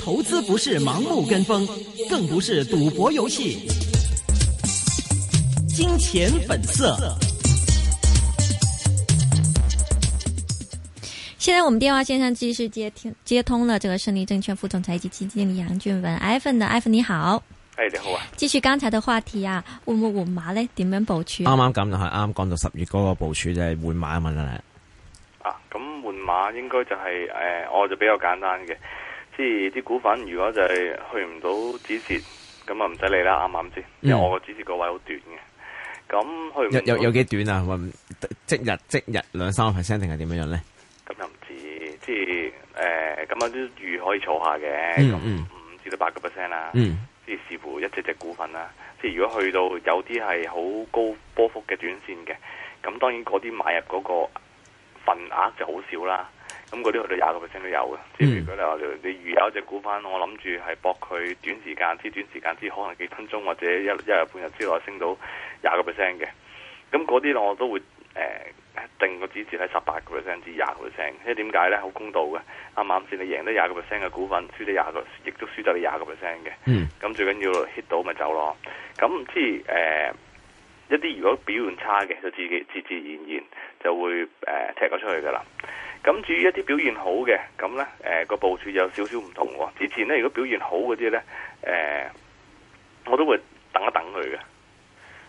投資不是盲目跟風，更不是賭博遊戲。金錢本色。現在我們電話線上繼續接聽接通了，這個勝利證券副總裁及基金經理楊俊文 iPhone 的 iPhone 你好。哎，你好啊！繼續剛才的話題啊，問問我媽嘞，點、啊、樣部署？啱啱咁就係啱啱講到十月嗰個部署就係換買啊嘛碼應該就係、是、誒、呃，我就比較簡單嘅，即係啲股份如果就係去唔到止蝕，咁啊唔使理啦，啱啱先？因、嗯、為我個止蝕個位好短嘅，咁去唔到有有幾短啊？即日即日兩三個 percent 定係點樣樣咧？咁又唔知，即係誒，咁啊啲預可以坐下嘅，五、嗯、至、嗯、到八個 percent 啦，即係、嗯、視乎一隻隻股份啦。即係如果去到有啲係好高波幅嘅短線嘅，咁當然嗰啲買入嗰、那個。份額就好少啦，咁嗰啲去到廿個 percent 都有嘅。即、嗯、係如果你話你預有一隻股份，我諗住係博佢短時間，之短時間之，時間之可能幾分鐘或者一一日半日之內升到廿個 percent 嘅，咁嗰啲我都會誒、呃、定個指數喺十八個 percent 至廿個 percent，即係點解咧？好公道嘅，啱啱先你贏得廿個 percent 嘅股份，輸得廿個，亦都輸得你廿個 percent 嘅。咁、嗯嗯嗯、最緊要 hit 到咪走咯。咁唔知、呃一啲如果表現差嘅，就自己自自然然就會誒、呃、踢咗出去噶啦。咁至於一啲表現好嘅，咁咧誒，個部署有少少唔同喎。之前咧，如果表現好嗰啲咧，誒、呃、我都會等一等佢嘅。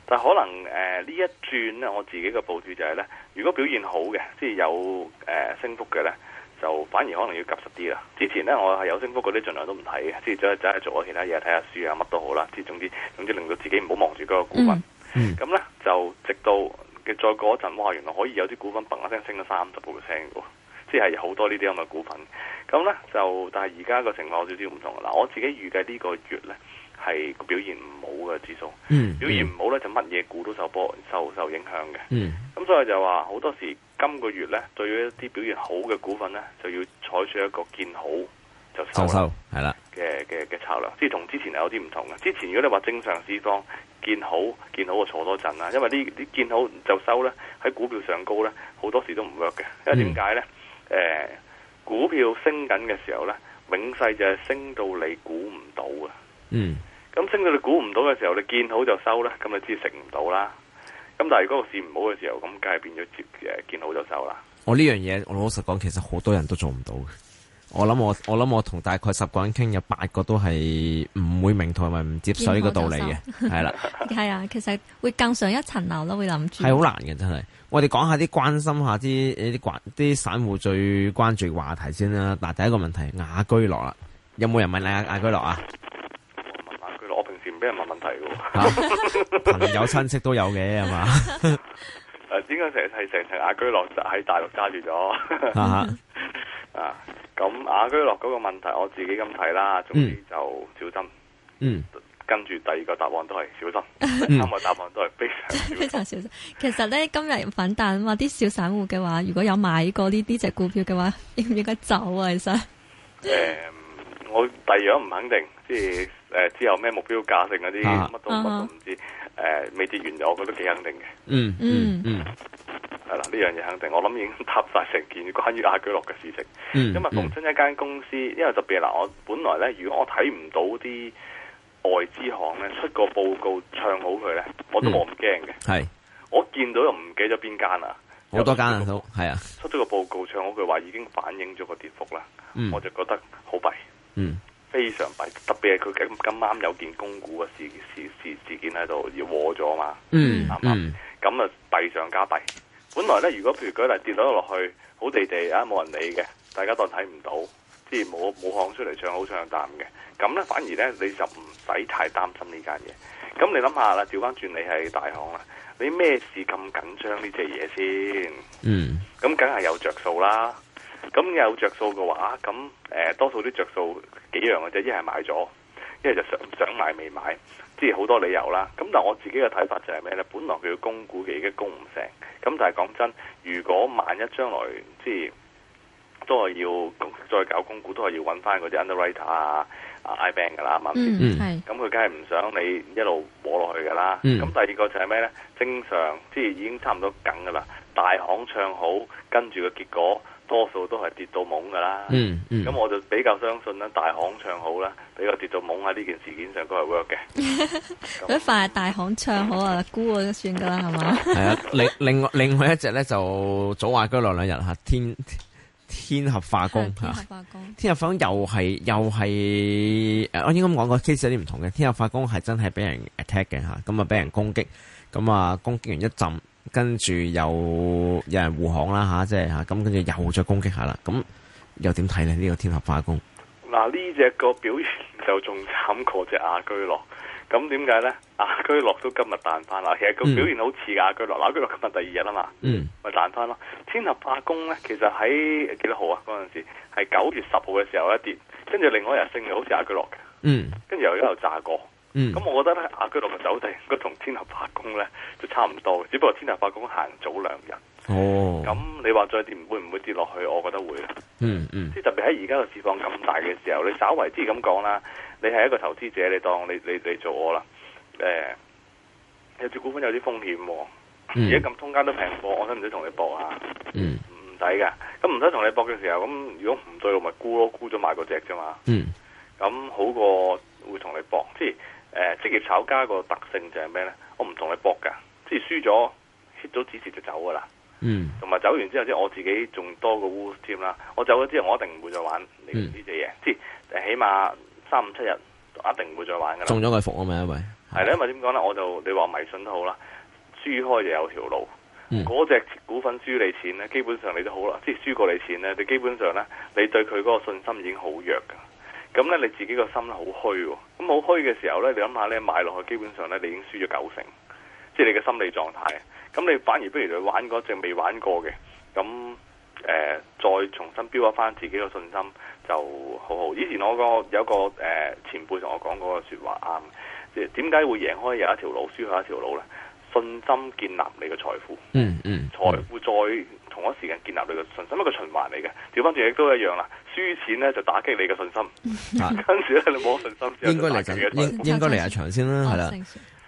但可能誒呢、呃、一轉咧，我自己嘅部署就係、是、咧，如果表現好嘅，即、就、係、是、有誒升幅嘅咧，就反而可能要夾實啲啦。之前咧，我係有升幅嗰啲，儘量都唔睇嘅，即係走係真係做咗其他嘢，睇下書啊，乜都好啦。即係總之總之，總之令到自己唔好望住嗰個股份。嗯咁、嗯、咧就直到再過一陣，哇！原來可以有啲股份嘭一聲升咗三十個 percent 嘅，即係好多呢啲咁嘅股份。咁咧就，但係而家個情況有少少唔同。嗱，我自己預計呢個月咧係表現唔好嘅指數、嗯，表現唔好咧、嗯、就乜嘢股都受波、受受影響嘅。咁、嗯、所以就話好多時今個月咧，對於一啲表現好嘅股份咧，就要採取一個見好就收收，係啦。嘅嘅嘅策略，即係同之前係有啲唔同嘅。之前如果你話正常市況見好見好就坐多陣啦，因為呢呢見好就收咧，喺股票上高咧好多時都唔 work 嘅。因為點解咧？誒、嗯欸，股票升緊嘅時候咧，永世就係升到你估唔到啊。嗯。咁升到你估唔到嘅時候，你見好就收咧，咁你知食唔到啦。咁但係如果個市唔好嘅時候，咁梗係變咗見誒見好就收啦。我呢樣嘢，我老實講，其實好多人都做唔到。我諗我我諗我同大概十個人傾，有八個都係唔會明同埋唔接受呢個道理嘅，係啦。係啊， 其實會更上一層樓咯，會諗住。係好難嘅，真係。我哋講下啲關心下啲啲啲散戶最關注嘅話題先啦。嗱第一個問題，雅居樂啦，有冇人問雅雅居樂啊？雅居樂，我平時唔俾人問問題嘅。啊、 朋友親戚都有嘅，係 嘛、 啊？誒，點解成係成雅居樂就喺大陸揸住咗。啊。咁雅居樂嗰個問題，我自己咁睇啦，總之就小心。嗯，跟住第二個答案都係小心，嗯、三個答案都係非、嗯、 非常小心。其實咧，今日反彈啊嘛，啲小散戶嘅話，如果有買過呢啲隻股票嘅話，要應唔應該走啊？其實，誒、呃，我第二樣唔肯定，即係誒、呃、之後咩目標價定嗰啲乜都我、啊、都唔知。誒、呃，未跌完就我覺得幾肯定嘅。嗯嗯嗯。嗯 呢樣嘢肯定，我諗已經塌晒成件關於亞居樂嘅事情。嗯、因為逢親一間公司、嗯，因為特別嗱，我本來咧，如果我睇唔到啲外資行咧出個報告唱好佢咧，我都冇咁驚嘅。係、嗯、我見到又唔記得邊間啊，好多間都係啊，出咗個報告唱好，佢話已經反映咗個跌幅啦、嗯。我就覺得好弊，嗯，非常弊。特別係佢咁啱有件公股嘅事事事事，事件喺度，要和咗嘛，嗯對對嗯，咁啊弊上加弊。本來咧，如果譬如舉例跌咗落去，好地地啊，冇人理嘅，大家當睇唔到，即係冇冇行出嚟唱好唱淡嘅，咁咧反而咧你就唔使太擔心呢間嘢。咁你諗下啦，調返轉你係大行啦，你咩事咁緊張呢隻嘢先？嗯，咁梗係有着數啦。咁有着數嘅話，咁、呃、多數啲着數幾樣嘅啫，一係買咗，一係就想想買未買。即係好多理由啦，咁但係我自己嘅睇法就係咩呢？本來佢要供股嘅已經供唔成，咁但係講真，如果萬一將來即係都係要再搞供股，都係要揾翻嗰啲 underwriter 啊、啊 IBank 噶啦，咁佢梗係唔想你一路摸落去噶啦。咁、嗯、第二個就係咩呢？正常即係已經差唔多緊噶啦，大行唱好跟住嘅結果。多數都係跌到懵噶啦，咁、嗯嗯、我就比較相信咧，大行唱好啦，比較跌到懵喺呢件事件上都係 work 嘅。咁快大行唱好啊，估都算噶啦，係嘛？係啊，另另外另外一隻咧就早話居落兩日嚇，天天合化工嚇，天合化工 化， 天合化工又係又係誒，我應該講個 case 有啲唔同嘅，天合化工係真係俾人 attack 嘅嚇，咁啊俾人攻擊，咁啊攻擊完一陣。跟住又有人護航啦，吓，即係吓，咁跟住又再攻擊下啦。咁又點睇咧？呢、這個天合化工？嗱，呢隻個表現就仲慘過隻阿居樂。咁點解咧？阿居樂都今日彈翻啦。其實個表現好似阿居樂、嗯，亞居樂今日第二日啦嘛，咪、嗯、彈翻咯。天合化工咧，其實喺幾多號啊？嗰陣時係九月十號嘅時候一跌，跟住另外一日升嘅好似阿居樂嘅，跟住又一路炸過。咁、嗯、我覺得咧，亞居樂嘅走地，佢同天合化工咧，都差唔多，只不過天合化工行早兩日。哦，咁、嗯、你話再跌，會唔會跌落去？我覺得會。嗯嗯，即係特別喺而家個市況咁大嘅時候，你稍為之咁講啦，你係一個投資者，你當你你你做我啦。誒、呃，有隻股份有啲風險，而家咁通街都平貨，我使唔使同你博啊。嗯，唔使噶，咁唔使同你博嘅、嗯嗯、時候，咁如果唔對路咪沽咯，沽咗買嗰隻啫嘛。嗯，咁好過會同你博，即係。誒、呃、職業炒家個特性就係咩呢？我唔同你搏㗎，即係輸咗 hit 咗止蝕就走㗎啦。嗯，同埋走完之後，即係我自己仲多個烏添啦。我走咗之後，我一定唔會再玩你呢隻嘢。即係起碼三五七日一定唔會再玩㗎啦。中咗佢服啊嘛，因為係啦，因為點講呢？我就你話迷信都好啦，輸開就有條路。嗰、嗯、隻股份輸你錢呢，基本上你都好啦。即係輸過你錢呢，你基本上呢，你對佢嗰個信心已經好弱㗎。咁咧你自己個心好虛、哦，咁好虛嘅時候呢，你諗下呢，買落去，基本上呢，你已經輸咗九成，即係你嘅心理狀態。咁你反而不如你玩嗰隻未玩過嘅，咁誒、呃、再重新標一翻自己個信心就好好。以前我個有個誒前輩同我講嗰個說話啱，即點解會贏開有一條路，輸開一條路呢？信心建立你嘅財富，嗯嗯，財富再同一時間建立你嘅信心，嗯，一個循環嚟嘅。調翻轉嘢都一樣啦，輸錢咧就打擊你嘅信心。跟住咧你冇信心，應該嚟緊，嘅，應該嚟下場先啦，係啦。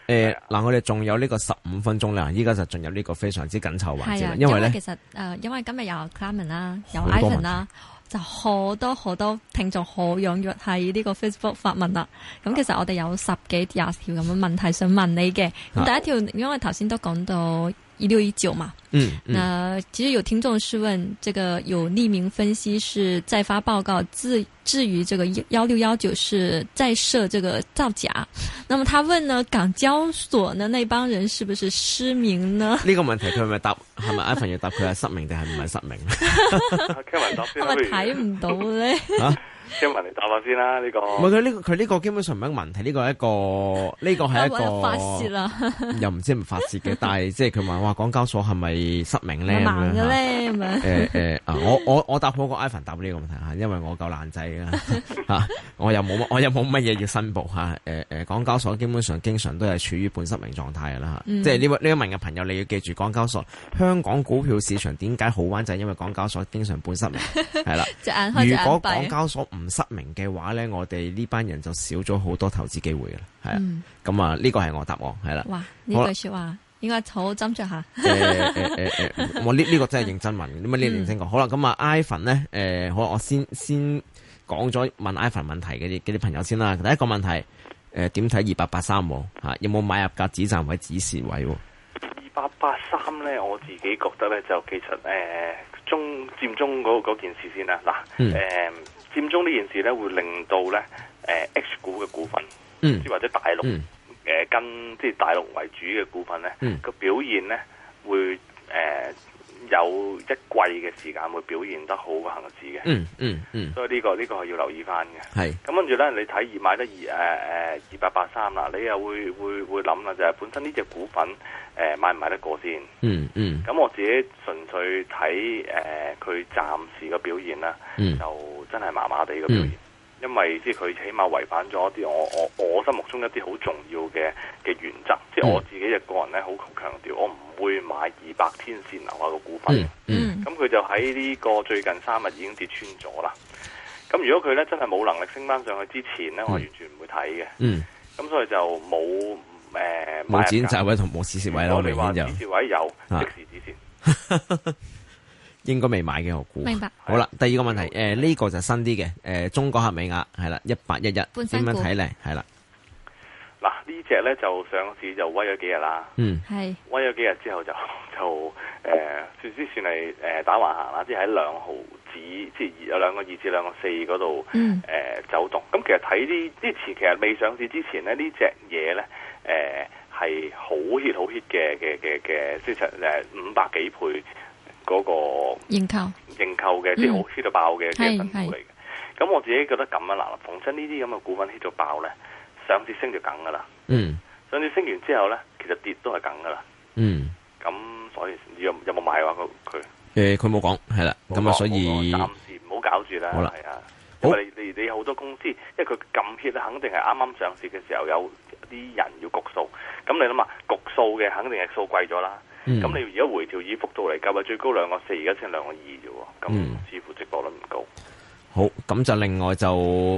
誒，嗱、欸，我哋仲有呢個十五分鐘啦，依家就進入呢個非常之緊湊環節啦，因為咧，為其實誒、呃，因為今日有 Clarence 啦，有 Eason 啦。就好多好多聽眾好踴躍喺呢個 Facebook 發問啦，咁其實我哋有十幾廿條咁嘅問題想問你嘅，咁第一條，因為頭先都講到。一六一九嘛，嗯，嗯，那其實有聽眾是問這個有匿名分析師再發報告，至至於這個幺六幺九是再設這個造假，那麼他問呢，港交所呢那幫人是不是失明呢？呢、呢個問題佢係咪答，係咪阿馮要答，佢係失明定係唔係失明？睇唔 到咧。啊聽文嚟，答我先啦，呢、這個唔係佢呢個，佢呢個基本上唔係問題，呢個一個呢個係一個 發洩啦，又唔知唔發洩嘅，但係即係佢話哇，港交所係咪失明咧？咁樣咧咁樣？誒誒啊！我我我答好個 Ivan 答呢個問題吓，因為我夠爛仔吓，我又冇我又冇乜嘢要申報吓。誒、呃、誒，港交所基本上經常都係處於半失明狀態噶啦，即係呢個呢嘅朋友你要記住，港交所香港股票市場點解好玩就係、是、因為港交所經常半失明係啦 如果港交所唔唔失明嘅話咧，我哋呢班人就少咗好多投資機會嘅啦，係、嗯、啊。咁啊，呢個係我答案係啦。哇，呢句說話應該好斟酌下。我呢呢個真係認真問，點、哎、解你要認真講、嗯嗯？好啦，咁、嗯、啊，i 艾凡咧，誒，好，我先先講咗問艾凡問題、嗯、問啲嘅啲朋友先啦。第一個問題，誒，點睇二八八三喎？吓，有冇買入價、止賺位、止蝕位？二八八三咧，我自己覺得咧，就其實誒，佔中佔中嗰件事先啦。嗱，誒、嗯。佔中呢件事咧，會令到咧，誒 H 股嘅股份，嗯，即或者大陸，誒、嗯、跟即係、就是、大陸為主嘅股份咧，個、嗯、表現咧會誒。呃有一季嘅時間會表現得好嘅恆指嘅。嗯嗯嗯，所以呢、呢個呢、呢個係要留意翻嘅。係咁，跟住咧，你睇二買得二誒誒二八八三啦，你又會會會諗啦，就係本身呢隻股份誒、呃、買唔買得過先？嗯嗯。咁我自己純粹睇誒佢暫時嘅表現啦、嗯，就真係麻麻地嘅表現。嗯因為即係佢起碼違反咗一啲我我我心目中一啲好重要嘅嘅原則，即、哦、係、就是、我自己一個人咧好強調，我唔會買二百天線樓下個股份。嗯，咁、嗯、佢就喺呢個最近三日已經跌穿咗啦。咁如果佢咧真係冇能力升翻上去之前咧，我完全唔會睇嘅。嗯，咁、嗯、所以就冇誒冇止賺位同冇止蝕位咯。我哋話止蝕位有、啊、即時止蝕。 應該未買嘅我估。明白。好啦，第二個問題，誒、呃、呢、這個就新啲嘅，誒、呃、中國合美雅係啦，一八一一。半新股。點樣睇咧？係啦。嗱呢隻咧就上市就威咗幾日啦。嗯。係。威咗幾日之後就就誒、呃，算之算誒、呃、打橫行啦，即係喺兩毫紙，即係有兩個二至兩個四嗰度。誒走動，咁、嗯、其實睇呢之前其實未上市之前咧呢隻嘢咧，誒、呃、係好 hit 好 hit 嘅嘅嘅嘅，即係誒五百幾倍。嗰、那個認購認購嘅啲好 hit 到爆嘅嘅新股嚟嘅，咁、嗯、我自己覺得咁啊嗱，逢親呢啲咁嘅股份 hit 到爆咧，上次升就梗噶啦。嗯，上次升完之後咧，其實跌都係梗噶啦。嗯，咁所以有有冇買話佢佢？誒，佢冇講，係啦。咁啊，所以，有有、呃、所以暫時唔好搞住啦。好啦，係啊。因為你你好多公司，因為佢咁 hit 啊，肯定係啱啱上市嘅時候有啲人要局數，咁你諗下，局數嘅肯定係數貴咗啦。咁、嗯、你而家回調以幅度嚟計，咪最高兩個四，而家剩兩個二啫，咁似乎值博率唔高、嗯。好，咁就另外就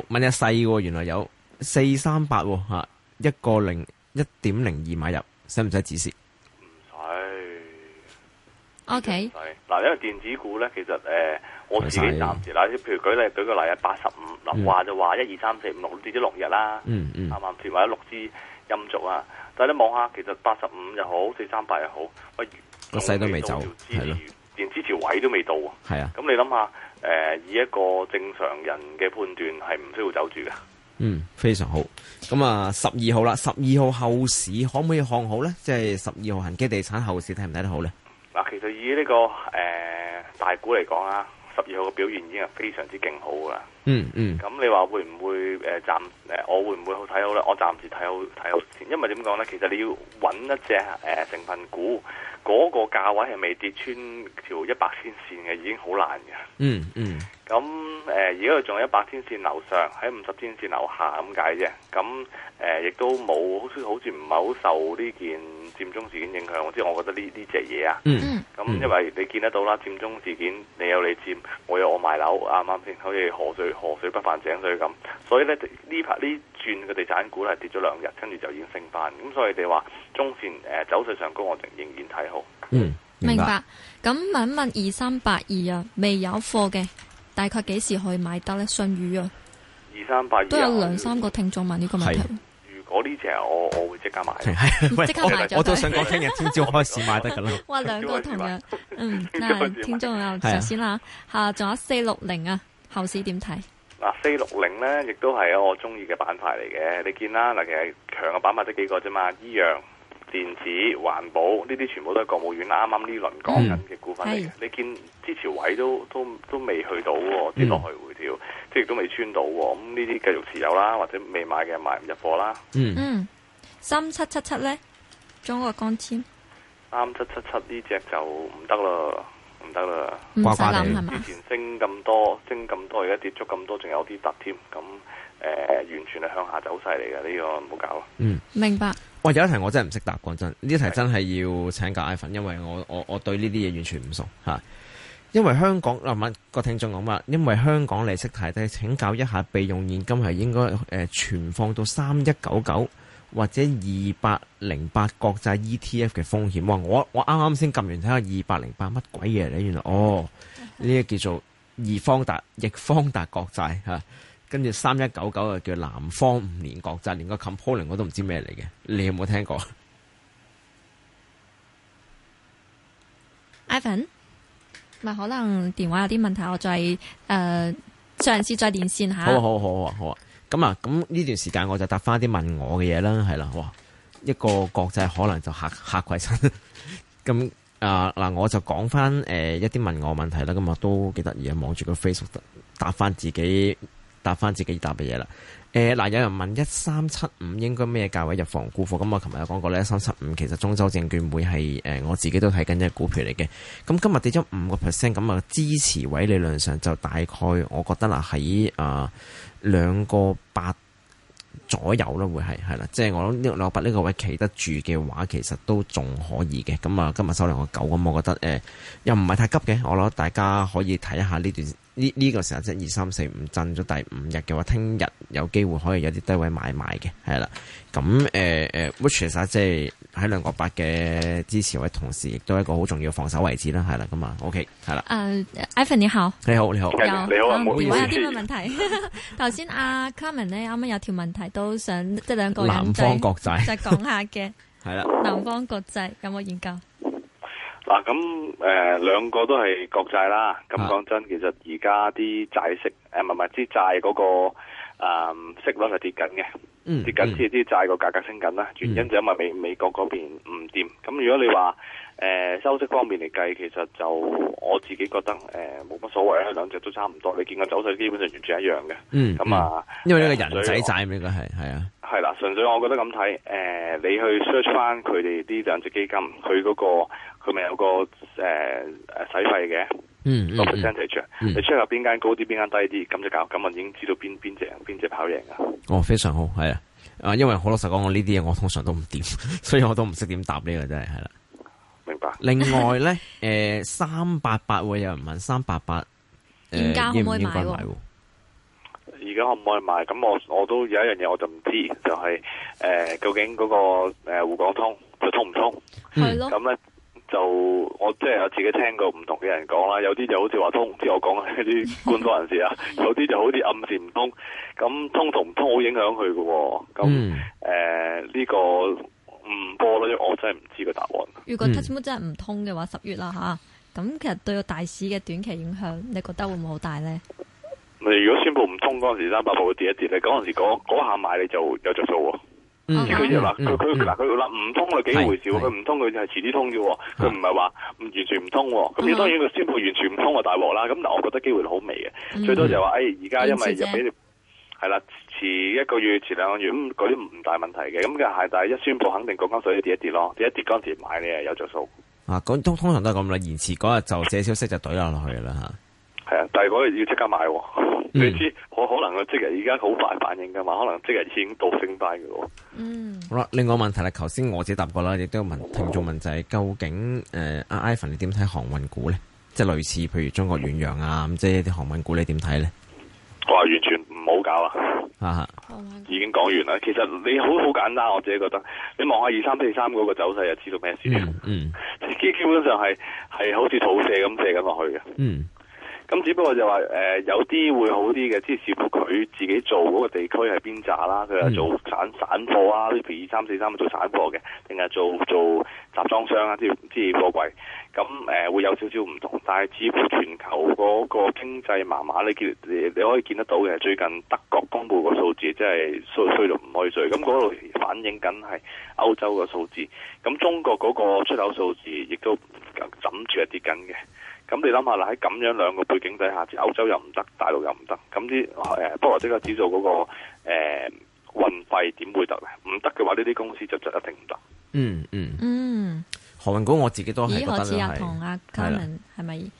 蚊一細、啊，原來有四三八吓，一個零一點零二買入，使唔使止蝕？唔使。O K。嗱、okay，因為電子股咧，其實誒，我自己暫時嗱，譬如舉例舉個例啊，八十五嗱，話就話一二三四五六，跌咗六日啦，啱唔啱？同埋有六支。陰燭啊！但係你望下，其實八十五又好，四三八又好，喂，個勢都未走，係咯，連支持位都未到啊！係啊！咁你諗下，誒、呃，以一個正常人嘅判斷，係唔需要走住噶。嗯，非常好。咁啊，十二號啦，十二號後市可唔可以看好呢？即係十二號恒基地產後市睇唔睇得好呢？嗱，其實以呢、這個誒、呃、大股嚟講啊。十二號嘅表現已經係非常之勁好㗎喇，嗯嗯，咁你話會唔會誒暫誒？我會唔會好睇好咧？我暫時睇好睇好先，因為點講咧？其實你要揾一隻誒、呃、成分股，嗰、那個價位係未跌穿一條一百天線嘅，已經好難嘅。嗯嗯，咁誒而家佢仲喺一百天線樓上，喺五十天線樓下咁解啫。咁誒亦都冇好似好似唔係好受呢件佔中事件影響，即係我覺得呢呢隻嘢啊，咁、嗯、因為你見得到啦，佔中事件你有你佔，我有我買樓，啱啱先好似河水河水不犯井水咁，所以咧呢排呢轉嘅地產股係跌咗兩日，跟住就已經升翻，咁所以你話中線誒、呃、走勢上高，我仍仍然睇好。嗯，明白。咁問一問二三八二啊，未有貨嘅，大概幾時可以買得咧？舜宇啊，二三八二都有兩三個聽眾問呢個問題。我呢隻我我會即刻買，即刻買咗。 我都想講，聽日朝早開始買得噶啦。哇，兩個同樣。嗯，嗱，聽眾又首先啦，吓，仲有四六零啊，460，後市點睇？嗱、啊，四六零咧，亦都係我中意嘅板塊嚟嘅，你見啦，嗱，其實強嘅板塊得幾個啫嘛，醫藥。電子環保呢啲全部都係國務院啱啱呢輪講緊嘅股份嚟嘅，你見支持位都都都未去到跌落去回調、嗯，即係都未穿到咁呢啲繼續持有啦，或者未買嘅買唔入貨啦。嗯，三七七七咧，中國光纖，三七七七呢隻就唔得啦，唔得啦，掛翻你之前升咁多，升咁多而家跌咗咁多，仲有啲突添，咁誒、呃、完全係向下走勢嚟嘅呢個唔好搞啦。嗯，明白。哇！有一題我真係唔識答，講真，呢題真係要請教 Ivan，因為我我我對呢啲嘢完全唔熟吓。因為香港嗱，問、啊、個聽眾講乜？因為香港利息太低，請教一下，備用現金係應該誒、呃、存放到三一九九或者二百零八國債 ETF 嘅風險哇，我我啱啱先撳完睇下二百零八乜鬼嘢嚟？原來哦，呢、這個叫做易方達易方達國債、啊跟住三一九九又叫南方五年國債，連個 component 我都唔知咩嚟嘅。你有冇聽過？Ivan 咪，可能電話有啲問題，我再誒、呃、上次再連線下。好好好啊，好啊。咁啊，咁呢段時間我就答翻啲問我嘅嘢啦，係啦，哇，一個國債可能就吓吓鬼身咁啊，嗱，我就講翻誒一啲問我問題啦。咁啊，都幾得意啊，望住個 Facebook 答翻自己。答翻自己答嘅嘢啦。誒、呃、嗱，有人問一三七五應該咩價位入房沽貨？咁、嗯、我琴日有講過呢，一三七五其實中州證券會係誒、呃、我自己都睇緊嘅股票嚟嘅。咁、嗯、今日跌咗五個 percent，咁啊支持位理論上就大概我覺得嗱喺啊兩個八左右咯，會係係啦。即係、就是、我諗呢個兩個八呢個位企得住嘅話，其實都仲可以嘅。咁、嗯、啊、嗯，今日收兩個九，咁我覺得誒、呃、又唔係太急嘅。我諗大家可以睇一下呢段。呢、這、呢個時候即係二三四五震咗第五日嘅話，聽日有機會可以有啲低位買賣嘅，係啦。咁誒誒 which 即係喺兩個八嘅支持位同時，亦都係一個好重要嘅防守位置啦，係啦，咁啊，OK，係啦。誒、uh，Evan 你好，你好你好，你好，你好，有啲咩、啊、問題？頭先阿 Carmen 咧，啱啱有條問題都想即係兩個南方國際再講下嘅，係啦，南方國際， 南方國際有冇研究？嗱、啊、咁，誒，兩、呃、個都係國債啦。咁講真，其實而家啲債息誒，唔係唔係，即債嗰個誒、啊、息率係跌緊嘅，嗯跌緊，即係啲債個價格升緊啦。原因就因為美美國嗰邊唔掂。咁如果你話誒、呃，收息方面嚟計，其實就我自己覺得誒，冇、呃、乜所謂啊，兩隻都差唔多。你見佢走勢基本上完全一樣嘅。嗯，咁啊，因為呢個人仔債應該係係啊，係啦、啊，純粹我覺得咁睇。誒、呃，你去 search 翻佢哋啲兩隻基金，佢嗰、嗰個。佢咪有個誒誒、呃、使費嘅，個、嗯、percentage、嗯嗯、你出入邊間高啲，邊間低啲，咁就搞。咁我已經知道邊邊隻邊隻跑贏㗎！哦，非常好，係啊！啊，因為好老實講，我呢啲嘢我通常都唔掂，所以我都唔識點答呢個真係係啦。明白。另外咧，誒三八八有人問三八八，而、呃、家可唔可以買喎？而家可唔可以買？咁、啊、我我都有一樣嘢我就唔知，就係、是、誒、呃、究竟嗰、那個誒滬、呃、港通就通唔通？係、嗯、咯。咁、嗯、咧？這樣就我即係我自己聽過唔同嘅人講啦，有啲就好似話通，唔知我講係啲官方人士啊， 有啲就好似暗示唔通，咁通同唔通好影響佢嘅。咁誒呢個唔播咧，我真係唔知個答案。如果真係唔通嘅話，十月啦吓，咁、啊、其實對個大市嘅短期影響，你覺得會唔會好大咧？你如果宣布唔通嗰陣時，三百部會跌一跌，你嗰陣時嗰下買，你就有着數。佢又話佢佢嗱佢話唔通佢幾回事。佢唔通佢就係遲啲通嘅，佢唔係話唔完全唔通，咁、嗯、所當然佢宣布完全唔通就大鑊啦。咁嗱，我覺得機會好微嘅，最、嗯、多就話誒而家因為又俾你係啦，遲、嗯、一個月，遲兩個月嗰啲唔大問題嘅。咁嘅係，但係一宣布肯定嗰間水跌一跌咯，跌一跌嗰陣時買咧有著數。啊，咁通常都係咁啦，延遲嗰日就借消息就懟落落去啦吓。係啊，但係嗰日要即刻買。嗯、你知我可能即係而家好快反應嘅嘛？可能即係已經倒升班嘅喎。嗯。好啦，另外一個問題啦，頭先我自己答過啦，亦都有問聽眾問就係、是、究竟誒阿、呃、Ivan 你點睇航運股咧？即係類似譬如中國遠洋啊咁，即係啲航運股你點睇咧？我話、嗯嗯嗯！完全唔好搞啊！啊、嗯、已經講完啦。其實你好好簡單，我自己覺得，你望下二三四三嗰個走勢就知道咩事，嗯。嗯。基基本上係係好似土射咁射緊落去嘅。嗯。咁只不過就話誒、呃，有啲會好啲嘅，即係視乎佢自己做嗰個地區係邊扎啦。佢係做散散貨啊，譬如二三四三做散貨嘅，定係做做，做集裝箱啊，即係即係貨櫃。咁誒、呃、會有少少唔同，但係似乎全球嗰個經濟麻麻咧，你可以見得到嘅。最近德國公布個數字，即係衰衰到唔可以衰。咁嗰度反映緊係歐洲嘅數字。咁中國嗰個出口數字亦都枕住係跌緊嘅。咁你諗下啦，喺咁樣兩個背景底下，歐洲又唔得，大陸又唔得，咁啲誒波羅的個指數嗰個誒運費點會得咧？唔得嘅話呢啲公司就就一定唔得。嗯嗯嗯，航運股我自己都係覺得係。係啦，係咪？是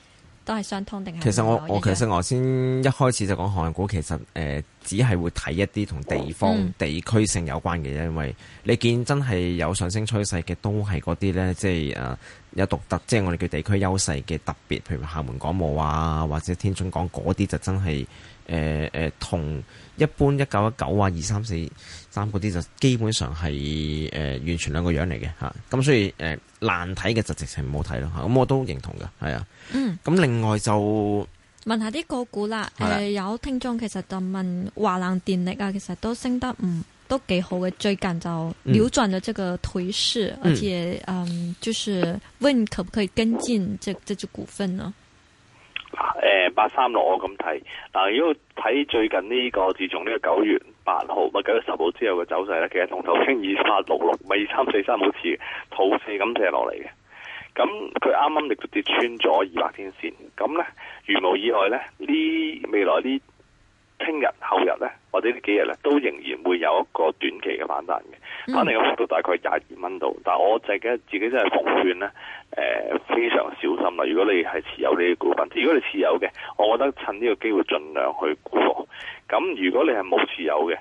都係相通定係，其實我我其實我先一開始就講韓國股，其實誒、呃、只係會睇一啲同地方地區性有關嘅，因為你見真係有上升趨勢嘅都係嗰啲呢，即係誒、啊、有獨特，即係我哋叫地區優勢嘅特別，譬如話廈門港務或者天津港嗰啲，就真係誒誒同。呃呃一般一九一九啊二三四三嗰啲就基本上係誒、呃、完全兩個樣嚟嘅嚇，咁、嗯、所以誒、呃、難睇嘅就直情唔好睇咯嚇，咁、嗯嗯、我都認同㗎，係啊。嗯。咁、嗯、另外就問下啲個股啦，誒有、呃、聽眾其實就問華能電力啊，其實都升得嗯都幾好嘅，最近就扭轉咗這個頹勢、嗯，而且嗯就是問可唔可以跟進這個、這隻、個、股份呢、啊？誒、呃，八三六我咁睇，嗱如果睇最近呢、這個自從呢個九月八號、八九、十號之後嘅走勢咧，其實同頭先二八六六、咪二三四三好似土四咁跌落嚟嘅，咁佢啱啱亦都跌穿咗二百天線，咁咧如無意外咧，呢未來呢聽日後日咧或者幾呢幾日咧都仍然會有一個短期嘅反彈嘅，mm. 反彈嘅幅度大概廿二蚊度，但係我自己自己真係奉勸咧。誒、呃、非常小心啦！如果你係持有呢啲股份，如果你持有嘅，我覺得趁呢個機會盡量去沽。咁如果你係冇持有嘅，呢、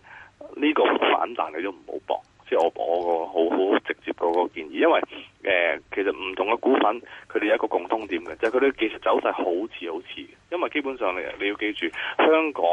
呢個反彈你都唔好搏。即係我我個好好，好直接個個建議，因為誒、呃、其實唔同嘅股份佢哋有一個共通點嘅，就係佢哋技術走勢好似好似。因為基本上你你要記住，香港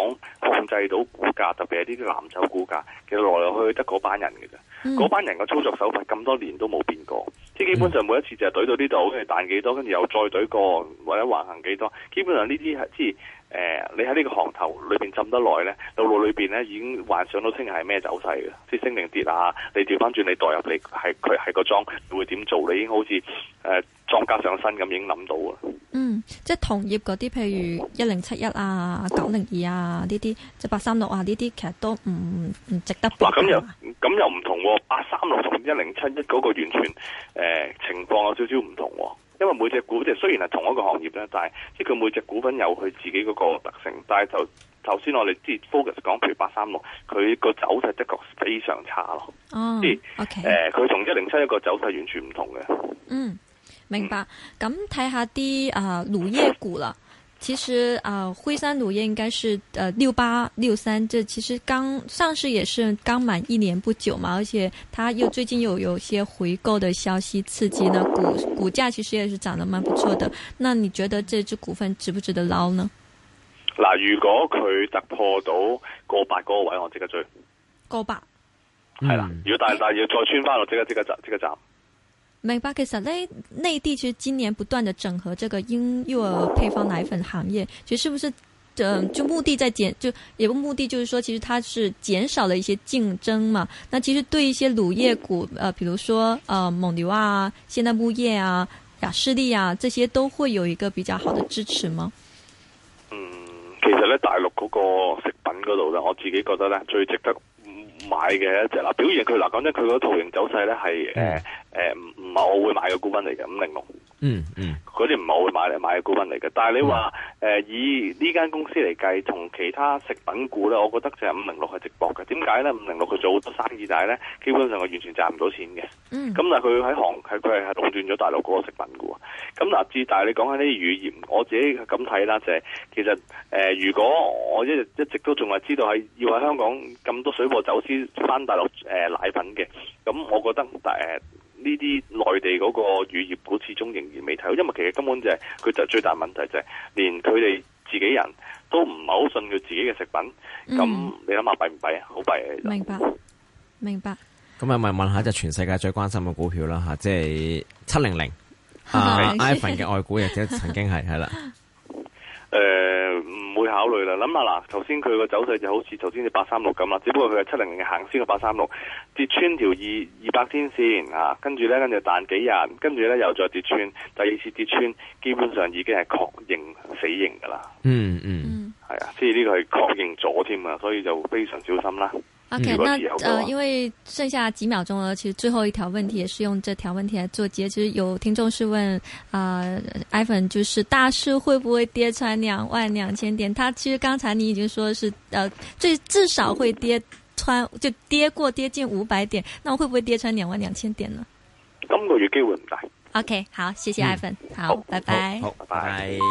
控制到股價，特別係呢啲藍籌股價，其實來來去去得嗰班人嘅啫。嗰 班人嘅操作手法咁多年都冇變過，即係基本上每一次就係堆到呢度，跟住彈幾多，跟住又再堆過或者橫行幾多，基本上呢啲係。即係。誒、呃，你喺呢個行頭裏邊浸得耐咧，到路，路裏邊咧已經幻想到聽日係咩走勢嘅，即係升定跌啊！你調翻轉，你代入嚟係佢係個莊會點做，你已經好似誒莊家上身咁已經諗到啊！嗯，即係同業嗰啲，譬如一零七一啊、九零二啊呢啲，即係八三六啊呢啲，其實都唔唔值得博。咁又咁又唔同八三六同一零七一嗰個完全誒、呃、情況有少少唔同，啊。因為每隻股即係雖然係同一個行業咧，但係即係佢每隻股份有佢自己嗰個特性，但係就頭先我哋 focus 講譬如八三六，佢個走勢的確非常差咯。哦、oh,，OK，誒、呃，佢同一零七一個走勢完全唔同嘅。嗯，明白。咁睇下啲啊乳液股啦。其實啊，輝、呃、山乳業應該是，呃，六八六三，這其實剛上市也是剛滿一年不久嘛，而且它又最近又有些回購的消息刺激，呢股股價其實也是漲得蠻不錯的。那你覺得這隻股份值不值得撈呢？嗱，如果佢突破到個八嗰個位，我即刻追。個八。係啦，如、嗯、果大但要再穿翻落，即刻即刻走即刻麥巴克說：“內內地其實今年不斷的整合這個嬰幼兒配方奶粉行業，其實是不是，嗯，就目的在減，就有個目的就是說，其實它是減少了一些競爭嘛。那其實對一些乳業股，呃，比如說呃蒙牛啊、現代牧業啊、雅士利啊，這些都會有一個比較好的支持嗎？”嗯，其實咧，大陸嗰個食品嗰度咧，我自己覺得咧，最值得。買嘅一隻嗱表現佢嗱，講真，佢個圖形走勢咧係誒誒，唔唔係我會買嘅股份嚟嘅，五零六。嗯嗯，嗰啲唔係我會買嚟買嘅股份嚟嘅，但係你話誒、嗯呃、以呢間公司嚟計，同其他食品股咧，我覺得就係五零六係值博嘅。點解咧？五零六佢做好多生意，但係咧，基本上佢完全賺唔到錢嘅。嗯，咁但係佢喺行佢係係壟斷咗大陸嗰個食品嘅咁乃至，但係你講緊呢啲語言，我自己咁睇啦，就係、是、其實誒、呃，如果我一一直都仲係知道係要喺香港咁多水貨走私翻大陸、呃、奶粉嘅，咁、嗯、我覺得誒。呃呢啲內地嗰個乳業股始終仍然未睇好，因為其實根本就係、是、佢就最大問題就係、是、連佢哋自己人都唔係好信佢自己嘅食品，咁、嗯、你諗下弊唔弊啊？好弊！明白，明白。咁啊，咪問下就全世界最關心嘅股票啦吓，即係七零零啊，iPhone 嘅外股，或者曾經係係啦，誒。呃唔會考慮啦，諗下嗱，頭先佢個走勢就好似頭先隻八三六咁啦，只不過佢係七零零行先個八三六跌穿條二二百天線啊，跟住咧跟住彈幾日，跟住咧又再跌穿，第二次跌穿，基本上已經係確認死刑㗎啦。嗯嗯，係啊，所以呢個係確認咗添啊，所以就非常小心啦。O、okay, K，那、嗯，呃，因為剩下幾秒鐘了，其實最後一條問題也是用這條問題來做結。其實有聽眾是問，啊、呃、，Ivan，就是大市會不會跌穿兩萬兩千點？他其實剛才你已經說是，呃，最至少會跌穿，就跌過跌近五百點，那我會不會跌穿兩萬兩千點呢？今個月機會唔大。O、okay, K，好，謝謝 Ivan，、嗯、好，好，拜拜，好，好拜拜。拜拜。